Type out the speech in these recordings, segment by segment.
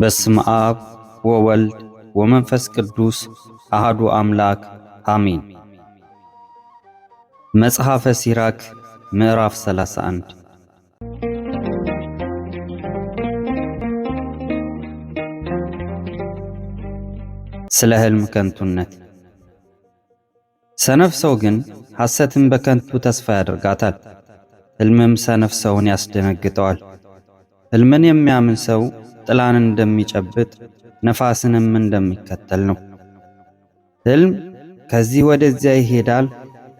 በስም አብ ወወልድ ወመንፈስ ቅዱስ አህዱ አምላክ አሜን። መጽሐፈ ሲራክ ምዕራፍ 31 ስለ ሕልም ከንቱነት ሰነፍ ሰው ግን ሐሰትን በከንቱ ተስፋ ያደርጋታል፣ ሕልምም ሰነፍ ሰውን ያስደነግጠዋል። ሕልምን የሚያምን ሰው ጥላን እንደሚጨብጥ ነፋስንም እንደሚከተል ነው። ሕልም ከዚህ ወደዚያ ይሄዳል፣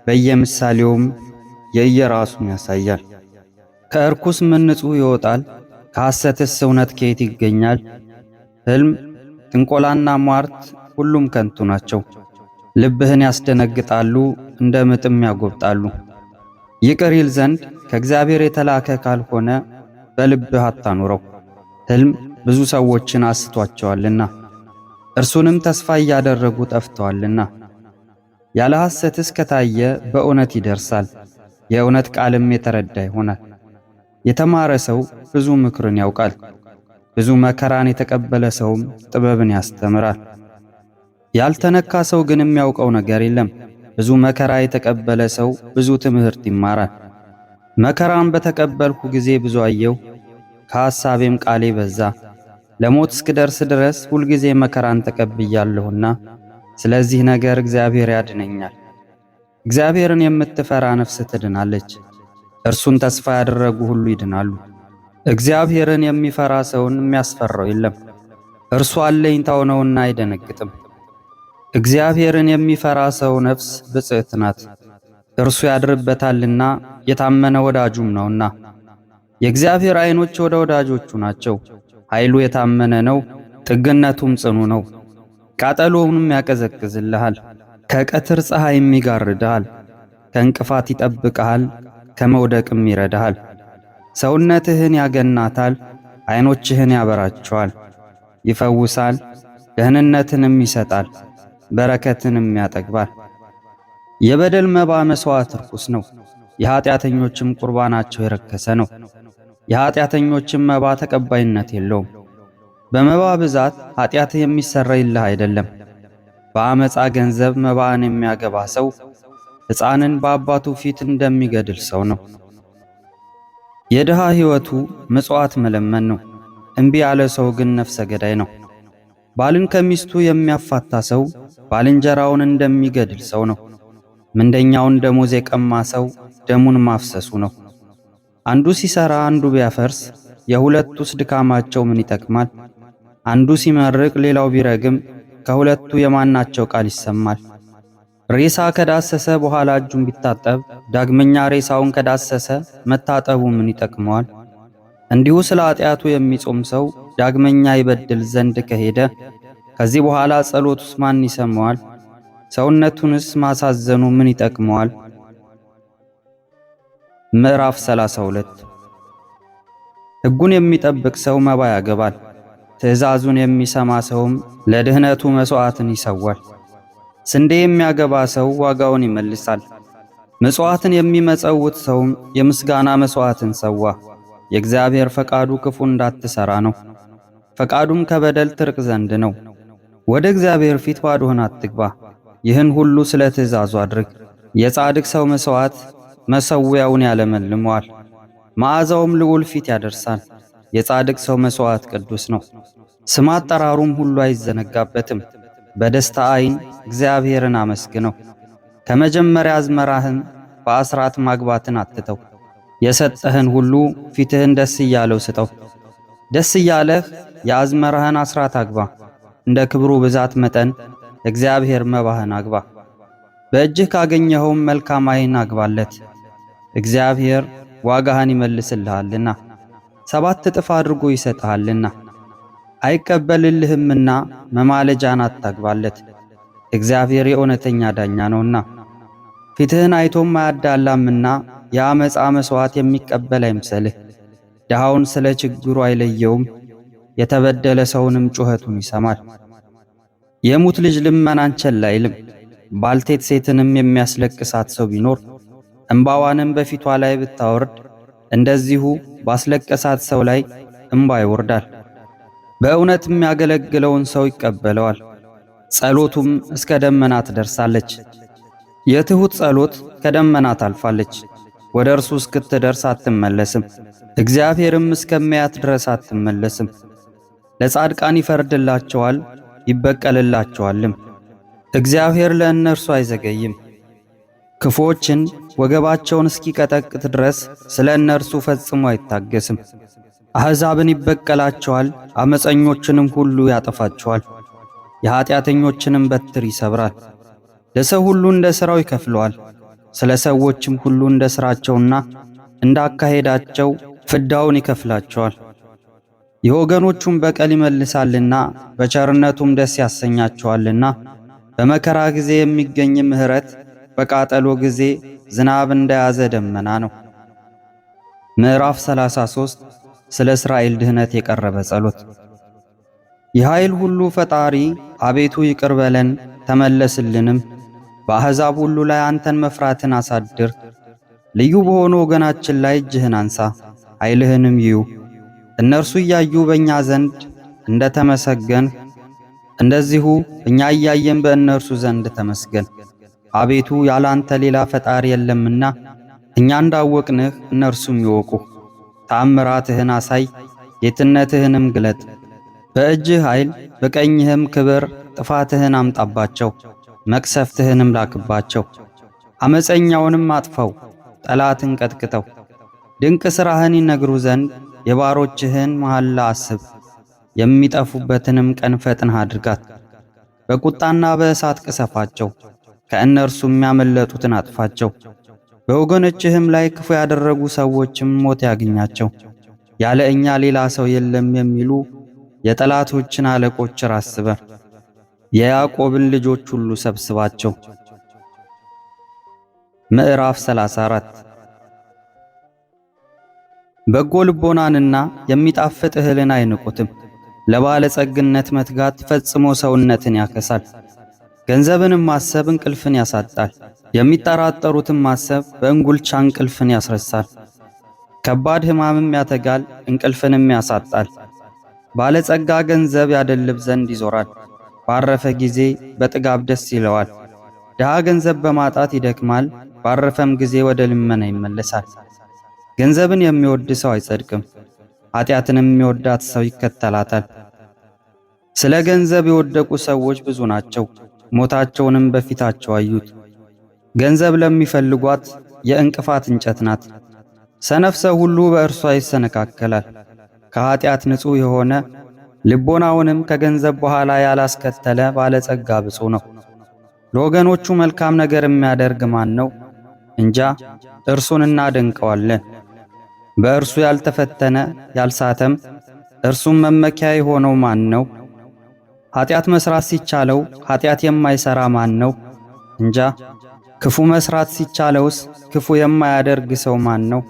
በየምሳሌውም የየራሱን ያሳያል። ከእርኩስ ምን ንጹሕ ይወጣል? ከሐሰትስ እውነት ከየት ይገኛል? ሕልም፣ ጥንቆላና ሟርት ሁሉም ከንቱ ናቸው። ልብህን ያስደነግጣሉ፣ እንደ ምጥም ያጎብጣሉ። ይቅር ይል ዘንድ ከእግዚአብሔር የተላከ ካልሆነ በልብህ አታኑረው። ሕልም ብዙ ሰዎችን አስቷቸዋልና እርሱንም ተስፋ እያደረጉ ጠፍተዋልና። ያለ ሐሰትስ ከታየ በእውነት ይደርሳል፣ የእውነት ቃልም የተረዳ ይሆናል። የተማረ ሰው ብዙ ምክርን ያውቃል፣ ብዙ መከራን የተቀበለ ሰውም ጥበብን ያስተምራል። ያልተነካ ሰው ግን የሚያውቀው ነገር የለም፣ ብዙ መከራ የተቀበለ ሰው ብዙ ትምህርት ይማራል። መከራን በተቀበልኩ ጊዜ ብዙ አየሁ፣ ከሐሳቤም ቃሌ በዛ ለሞት እስክደርስ ድረስ ሁልጊዜ መከራን ተቀብያለሁና ስለዚህ ነገር እግዚአብሔር ያድነኛል። እግዚአብሔርን የምትፈራ ነፍስ ትድናለች፣ እርሱን ተስፋ ያደረጉ ሁሉ ይድናሉ። እግዚአብሔርን የሚፈራ ሰውን የሚያስፈራው የለም፣ እርሱ አለኝታው ነውና አይደነግጥም። እግዚአብሔርን የሚፈራ ሰው ነፍስ ብጽዕት ናት፣ እርሱ ያድርበታልና የታመነ ወዳጁም ነውና። የእግዚአብሔር ዓይኖች ወደ ወዳጆቹ ናቸው ኃይሉ የታመነ ነው፣ ጥግነቱም ጽኑ ነው። ቃጠሎውንም ያቀዘቅዝልሃል፣ ከቀትር ፀሐይም ይጋርድሃል፣ ከእንቅፋት ይጠብቅሃል፣ ከመውደቅም ይረዳሃል። ሰውነትህን ያገናታል፣ ዐይኖችህን ያበራቸዋል። ይፈውሳል፣ ደህንነትንም ይሰጣል፣ በረከትንም ያጠግባል። የበደል መባ መሥዋዕት ርኩስ ነው፣ የኀጢአተኞችም ቁርባናቸው የረከሰ ነው። የኀጢአተኞችን መባ ተቀባይነት የለውም። በመባ ብዛት ኀጢአትህ የሚሰረይልህ አይደለም። በአመፃ ገንዘብ መባን የሚያገባ ሰው ሕፃንን በአባቱ ፊት እንደሚገድል ሰው ነው። የድሃ ሕይወቱ ምጽዋት መለመን ነው። እምቢ ያለ ሰው ግን ነፍሰ ገዳይ ነው። ባልን ከሚስቱ የሚያፋታ ሰው ባልንጀራውን እንደሚገድል ሰው ነው። ምንደኛውን ደሞዝ የቀማ ሰው ደሙን ማፍሰሱ ነው። አንዱ ሲሰራ አንዱ ቢያፈርስ የሁለቱስ ድካማቸው ምን ይጠቅማል? አንዱ ሲመርቅ ሌላው ቢረግም ከሁለቱ የማናቸው ቃል ይሰማል? ሬሳ ከዳሰሰ በኋላ እጁን ቢታጠብ ዳግመኛ ሬሳውን ከዳሰሰ መታጠቡ ምን ይጠቅመዋል? እንዲሁ ስለ ኃጢአቱ የሚጾም ሰው ዳግመኛ ይበድል ዘንድ ከሄደ ከዚህ በኋላ ጸሎቱስ ማን ይሰማዋል? ሰውነቱንስ ማሳዘኑ ምን ይጠቅመዋል? ምዕራፍ 32 ሕጉን የሚጠብቅ ሰው መባ ያገባል፣ ትእዛዙን የሚሰማ ሰውም ለድህነቱ መሥዋዕትን ይሰዋል። ስንዴ የሚያገባ ሰው ዋጋውን ይመልሳል፣ ምጽዋትን የሚመጸውት ሰውም የምስጋና መሥዋዕትን ሰዋ። የእግዚአብሔር ፈቃዱ ክፉ እንዳትሠራ ነው፣ ፈቃዱም ከበደል ትርቅ ዘንድ ነው። ወደ እግዚአብሔር ፊት ባዶህን አትግባ። ይህን ሁሉ ስለ ትእዛዙ አድርግ። የጻድቅ ሰው መሥዋዕት መሠዊያውን ያለመልመዋል፣ መዓዛውም ልዑል ፊት ያደርሳል። የጻድቅ ሰው መሥዋዕት ቅዱስ ነው፣ ስም አጠራሩም ሁሉ አይዘነጋበትም። በደስታ አይን እግዚአብሔርን አመስግነው። ከመጀመሪያ አዝመራህን በአስራት ማግባትን አትተው። የሰጠህን ሁሉ ፊትህን ደስ እያለው ስጠው። ደስ እያለህ የአዝመራህን አስራት አግባ። እንደ ክብሩ ብዛት መጠን እግዚአብሔር መባህን አግባ። በእጅህ ካገኘኸውም መልካም ዓይን አግባለት። እግዚአብሔር ዋጋህን ይመልስልሃልና ሰባት እጥፍ አድርጎ ይሰጥሃልና አይቀበልልህምና መማለጃን አታግባለት። እግዚአብሔር የእውነተኛ ዳኛ ነውና ፊትህን አይቶም አያዳላምና የአመፃ መሥዋዕት የሚቀበል አይምሰልህ። ድሃውን ስለ ችግሩ አይለየውም፣ የተበደለ ሰውንም ጩኸቱን ይሰማል። የሙት ልጅ ልመናን ቸል አይልም። ባልቴት ሴትንም የሚያስለቅሳት ሰው ቢኖር እምባዋንም በፊቷ ላይ ብታወርድ እንደዚሁ ባስለቀሳት ሰው ላይ እምባ ይወርዳል። በእውነት የሚያገለግለውን ሰው ይቀበለዋል። ጸሎቱም እስከ ደመና ትደርሳለች። የትሑት ጸሎት ከደመና ታልፋለች፣ ወደ እርሱ እስክትደርስ አትመለስም። እግዚአብሔርም እስከሚያት ድረስ አትመለስም። ለጻድቃን ይፈርድላቸዋል፣ ይበቀልላቸዋልም። እግዚአብሔር ለእነርሱ አይዘገይም። ክፉዎችን ወገባቸውን እስኪቀጠቅጥ ድረስ ስለ እነርሱ ፈጽሞ አይታገስም። አሕዛብን ይበቀላቸዋል፣ አመፀኞችንም ሁሉ ያጠፋቸዋል። የኀጢአተኞችንም በትር ይሰብራል። ለሰው ሁሉ እንደ ሥራው ይከፍለዋል። ስለ ሰዎችም ሁሉ እንደ ሥራቸውና እንዳካሄዳቸው ፍዳውን ይከፍላቸዋል። የወገኖቹን በቀል ይመልሳልና በቸርነቱም ደስ ያሰኛቸዋልና በመከራ ጊዜ የሚገኝ ምሕረት በቃጠሎ ጊዜ ዝናብ እንደያዘ ደመና ነው። ምዕራፍ 33 ስለ እስራኤል ድህነት የቀረበ ጸሎት። የኃይል ሁሉ ፈጣሪ አቤቱ ይቅር በለን ተመለስልንም፣ በአሕዛብ ሁሉ ላይ አንተን መፍራትን አሳድር። ልዩ በሆኑ ወገናችን ላይ እጅህን አንሳ፣ ኃይልህንም ይዩ። እነርሱ እያዩ በእኛ ዘንድ እንደ ተመሰገን እንደዚሁ እኛ እያየን በእነርሱ ዘንድ ተመስገን። አቤቱ ያላንተ ሌላ ፈጣሪ የለምና እኛ እንዳወቅንህ እነርሱም ይወቁ። ተአምራትህን አሳይ፣ ጌትነትህንም ግለጥ። በእጅህ ኃይል በቀኝህም ክብር ጥፋትህን አምጣባቸው፣ መቅሰፍትህንም ላክባቸው። አመፀኛውንም አጥፈው፣ ጠላትን ቀጥቅጠው። ድንቅ ሥራህን ይነግሩ ዘንድ የባሮችህን መሐላ አስብ። የሚጠፉበትንም ቀን ፈጥነህ አድርጋት፣ በቁጣና በእሳት ቅሰፋቸው። ከእነርሱም ያመለጡትን አጥፋቸው። በወገኖችህም ላይ ክፉ ያደረጉ ሰዎችም ሞት ያግኛቸው። ያለ እኛ ሌላ ሰው የለም የሚሉ የጠላቶችን አለቆች ራስበ የያዕቆብን ልጆች ሁሉ ሰብስባቸው። ምዕራፍ 34 በጎ ልቦናንና የሚጣፍጥ እህልን አይንቁትም። ለባለጸግነት መትጋት ፈጽሞ ሰውነትን ያከሳል። ገንዘብንም ማሰብ እንቅልፍን ያሳጣል፣ የሚጠራጠሩትን ማሰብ በእንጉልቻ እንቅልፍን ያስረሳል። ከባድ ሕማምም ያተጋል፣ እንቅልፍንም ያሳጣል። ባለጸጋ ገንዘብ ያደልብ ዘንድ ይዞራል፣ ባረፈ ጊዜ በጥጋብ ደስ ይለዋል። ድሃ ገንዘብ በማጣት ይደክማል፣ ባረፈም ጊዜ ወደ ልመና ይመለሳል። ገንዘብን የሚወድ ሰው አይጸድቅም፣ ኃጢአትንም የሚወዳት ሰው ይከተላታል። ስለ ገንዘብ የወደቁ ሰዎች ብዙ ናቸው። ሞታቸውንም በፊታቸው አዩት። ገንዘብ ለሚፈልጓት የእንቅፋት እንጨት ናት። ሰነፍ ሰው ሁሉ በእርሷ ይሰነካከላል። ከኀጢአት ንጹሕ የሆነ ልቦናውንም ከገንዘብ በኋላ ያላስከተለ ባለጸጋ ብፁ ነው። ለወገኖቹ መልካም ነገር የሚያደርግ ማን ነው? እንጃ እርሱን እናደንቀዋለን። በእርሱ ያልተፈተነ ያልሳተም እርሱም መመኪያ የሆነው ማን ነው? ኃጢአት መስራት ሲቻለው ኃጢአት የማይሰራ ማን ነው? እንጃ። ክፉ መስራት ሲቻለውስ ክፉ የማያደርግ ሰው ማን ነው?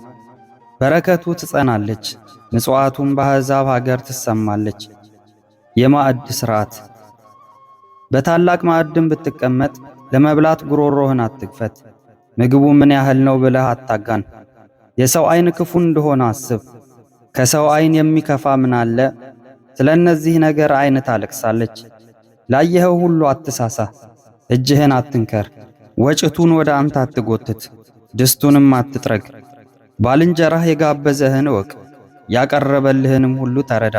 በረከቱ ትጸናለች፣ ምጽዋቱም በአሕዛብ ሀገር ትሰማለች። የማዕድ ሥርዓት በታላቅ ማዕድም ብትቀመጥ ለመብላት ጉሮሮህን አትክፈት። ምግቡ ምን ያህል ነው ብለህ አታጋን። የሰው ዐይን ክፉ እንደሆነ አስብ። ከሰው ዐይን የሚከፋ ምን አለ? ስለ እነዚህ ነገር ዓይን ታለቅሳለች። ላየኸው ሁሉ አትሳሳ፣ እጅህን አትንከር፣ ወጭቱን ወደ አንተ አትጎትት፣ ድስቱንም አትጥረግ። ባልንጀራህ የጋበዘህን እወቅ፣ ያቀረበልህንም ሁሉ ተረዳ።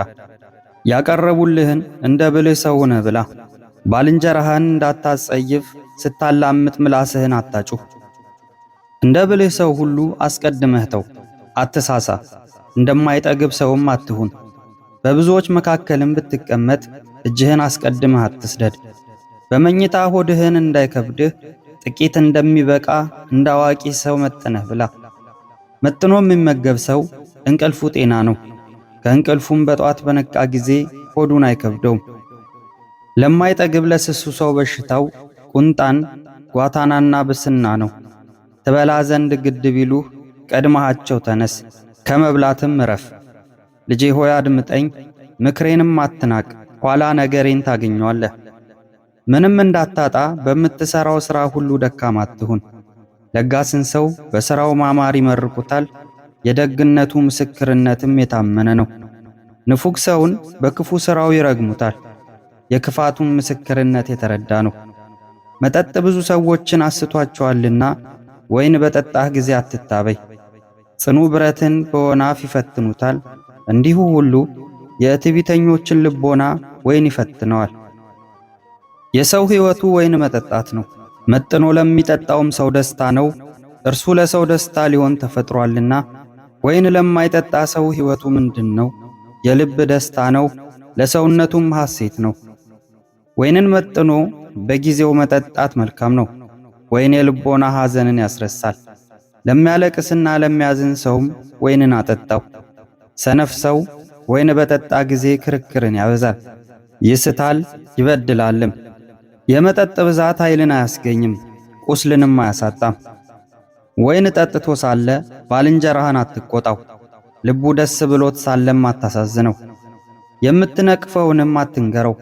ያቀረቡልህን እንደ ብልህ ሰው ሆነ ብላ። ባልንጀራህን እንዳታጸይፍ ስታላምጥ ምላስህን አታጩህ። እንደ ብልህ ሰው ሁሉ አስቀድመህ ተው፣ አትሳሳ። እንደማይጠግብ ሰውም አትሁን። በብዙዎች መካከልም ብትቀመጥ እጅህን አስቀድመህ አትስደድ። በመኝታ ሆድህን እንዳይከብድህ ጥቂት እንደሚበቃ እንደ አዋቂ ሰው መጥነህ ብላ። መጥኖ የሚመገብ ሰው እንቅልፉ ጤና ነው። ከእንቅልፉም በጧት በነቃ ጊዜ ሆዱን አይከብደውም። ለማይጠግብ ለስሱ ሰው በሽታው ቁንጣን ጓታናና ብስና ነው። ትበላ ዘንድ ግድ ቢሉህ ቀድመሃቸው ተነስ፣ ከመብላትም እረፍ። ልጄ ሆይ አድምጠኝ፣ ምክሬንም አትናቅ፣ ኋላ ነገሬን ታገኘዋለህ። ምንም እንዳታጣ በምትሰራው ሥራ ሁሉ ደካማ አትሁን። ለጋስን ሰው በሥራው ማማር ይመርቁታል፣ የደግነቱ ምስክርነትም የታመነ ነው። ንፉግ ሰውን በክፉ ሥራው ይረግሙታል፣ የክፋቱን ምስክርነት የተረዳ ነው። መጠጥ ብዙ ሰዎችን አስቷቸዋልና ወይን በጠጣህ ጊዜ አትታበይ። ጽኑ ብረትን በወናፍ ይፈትኑታል እንዲሁ ሁሉ የትዕቢተኞችን ልቦና ወይን ይፈትነዋል። የሰው ሕይወቱ ወይን መጠጣት ነው፣ መጥኖ ለሚጠጣውም ሰው ደስታ ነው። እርሱ ለሰው ደስታ ሊሆን ተፈጥሯልና። ወይን ለማይጠጣ ሰው ሕይወቱ ምንድን ነው? የልብ ደስታ ነው፣ ለሰውነቱም ሐሴት ነው። ወይንን መጥኖ በጊዜው መጠጣት መልካም ነው። ወይን የልቦና ሐዘንን ያስረሳል። ለሚያለቅስና ለሚያዝን ሰውም ወይንን አጠጣው። ሰነፍ ሰው ወይን በጠጣ ጊዜ ክርክርን ያበዛል፣ ይስታል፣ ይበድላልም። የመጠጥ ብዛት ኃይልን አያስገኝም፣ ቁስልንም አያሳጣም። ወይን ጠጥቶ ሳለ ባልንጀራህን አትቆጣው፣ ልቡ ደስ ብሎት ሳለም አታሳዝነው፣ የምትነቅፈውንም አትንገረው።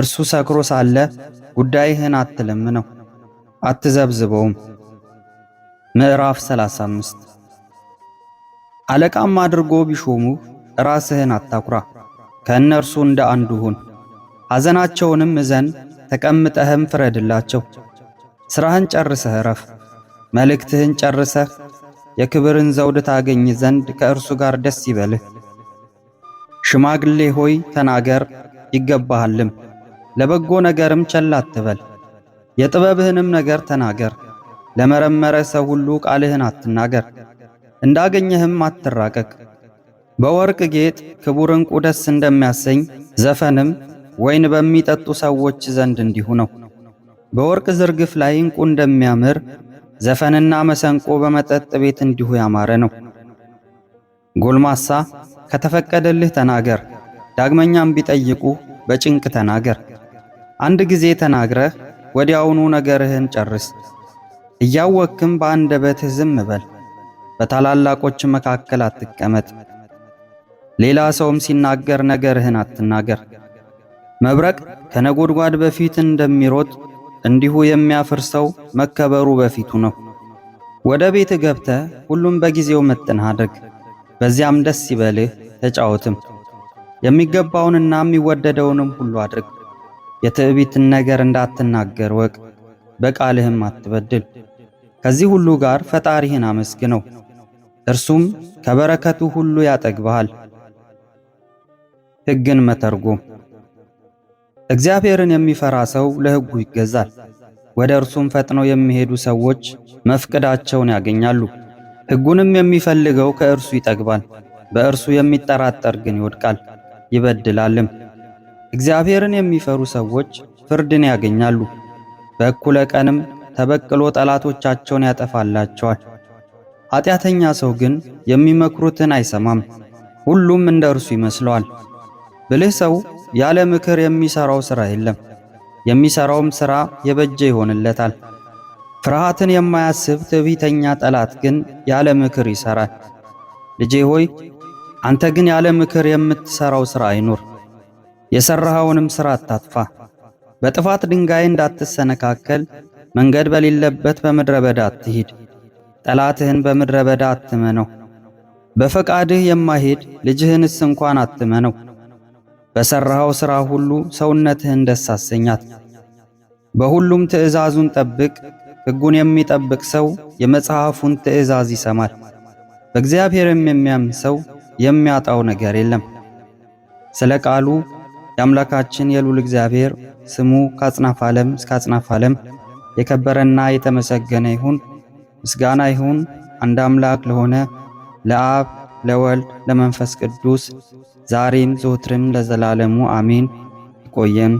እርሱ ሰክሮ ሳለ ጉዳይህን አትለምነው፣ አትዘብዝበውም። ምዕራፍ 35 አለቃም አድርጎ ቢሾሙ ራስህን አታኩራ፣ ከእነርሱ እንደ አንዱ ሁን። ሐዘናቸውንም እዘን፣ ተቀምጠህም ፍረድላቸው። ሥራህን ጨርሰህ እረፍ። መልእክትህን ጨርሰህ የክብርን ዘውድ ታገኝ ዘንድ ከእርሱ ጋር ደስ ይበልህ። ሽማግሌ ሆይ ተናገር ይገባሃልም፣ ለበጎ ነገርም ቸል አትበል። የጥበብህንም ነገር ተናገር፣ ለመረመረ ሰው ሁሉ ቃልህን አትናገር። እንዳገኘህም አትራቀቅ። በወርቅ ጌጥ ክቡር ዕንቁ ደስ እንደሚያሰኝ ዘፈንም ወይን በሚጠጡ ሰዎች ዘንድ እንዲሁ ነው። በወርቅ ዝርግፍ ላይ ዕንቁ እንደሚያምር ዘፈንና መሰንቆ በመጠጥ ቤት እንዲሁ ያማረ ነው። ጎልማሳ ከተፈቀደልህ ተናገር፣ ዳግመኛም ቢጠይቁ በጭንቅ ተናገር። አንድ ጊዜ ተናግረህ ወዲያውኑ ነገርህን ጨርስ። እያወክም በአንደበትህ ዝም በል። በታላላቆች መካከል አትቀመጥ። ሌላ ሰውም ሲናገር ነገርህን አትናገር። መብረቅ ከነጎድጓድ በፊት እንደሚሮጥ እንዲሁ የሚያፍር ሰው መከበሩ በፊቱ ነው። ወደ ቤት ገብተ ሁሉም በጊዜው መጥን አድርግ። በዚያም ደስ ይበልህ ተጫወትም። የሚገባውንና የሚወደደውንም ሁሉ አድርግ። የትዕቢትን ነገር እንዳትናገር ወቅ፣ በቃልህም አትበድል። ከዚህ ሁሉ ጋር ፈጣሪህን አመስግነው። እርሱም ከበረከቱ ሁሉ ያጠግብሃል። ሕግን መተርጎም እግዚአብሔርን የሚፈራ ሰው ለሕጉ ይገዛል። ወደ እርሱም ፈጥነው የሚሄዱ ሰዎች መፍቀዳቸውን ያገኛሉ። ሕጉንም የሚፈልገው ከእርሱ ይጠግባል። በእርሱ የሚጠራጠር ግን ይወድቃል ይበድላልም። እግዚአብሔርን የሚፈሩ ሰዎች ፍርድን ያገኛሉ። በእኩለ ቀንም ተበቅሎ ጠላቶቻቸውን ያጠፋላቸዋል። ኃጢአተኛ ሰው ግን የሚመክሩትን አይሰማም፣ ሁሉም እንደ እርሱ ይመስለዋል። ብልህ ሰው ያለ ምክር የሚሰራው ሥራ የለም፣ የሚሰራውም ሥራ የበጀ ይሆንለታል። ፍርሃትን የማያስብ ትዕቢተኛ ጠላት ግን ያለ ምክር ይሰራል። ልጄ ሆይ አንተ ግን ያለ ምክር የምትሰራው ሥራ አይኑር፣ የሠራኸውንም ሥራ አታጥፋ። በጥፋት ድንጋይ እንዳትሰነካከል መንገድ በሌለበት በምድረ በዳ አትሂድ። ጠላትህን በምድረ በዳ አትመነው። በፈቃድህ የማይሄድ ልጅህንስ እንኳን አትመነው። በሠራኸው ሥራ ሁሉ ሰውነትህን ደስ አሰኛት። በሁሉም ትእዛዙን ጠብቅ። ሕጉን የሚጠብቅ ሰው የመጽሐፉን ትእዛዝ ይሰማል። በእግዚአብሔርም የሚያምን ሰው የሚያጣው ነገር የለም። ስለ ቃሉ የአምላካችን የሉል እግዚአብሔር ስሙ ከአጽናፍ ዓለም እስከ አጽናፍ ዓለም የከበረና የተመሰገነ ይሁን። ምስጋና ይሁን አንድ አምላክ ለሆነ ለአብ ለወልድ ለመንፈስ ቅዱስ ዛሬም ዘወትርም ለዘላለሙ አሜን። ይቆየን።